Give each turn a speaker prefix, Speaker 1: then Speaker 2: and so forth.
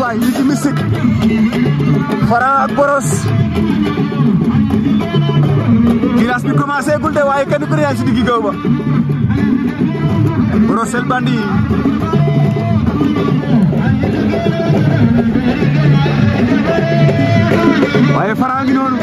Speaker 1: waay yi ci mystique bi commencé gul de waaye kenn ku ne yaa ngi si ba
Speaker 2: Brosse El waaye Franc ngi noonu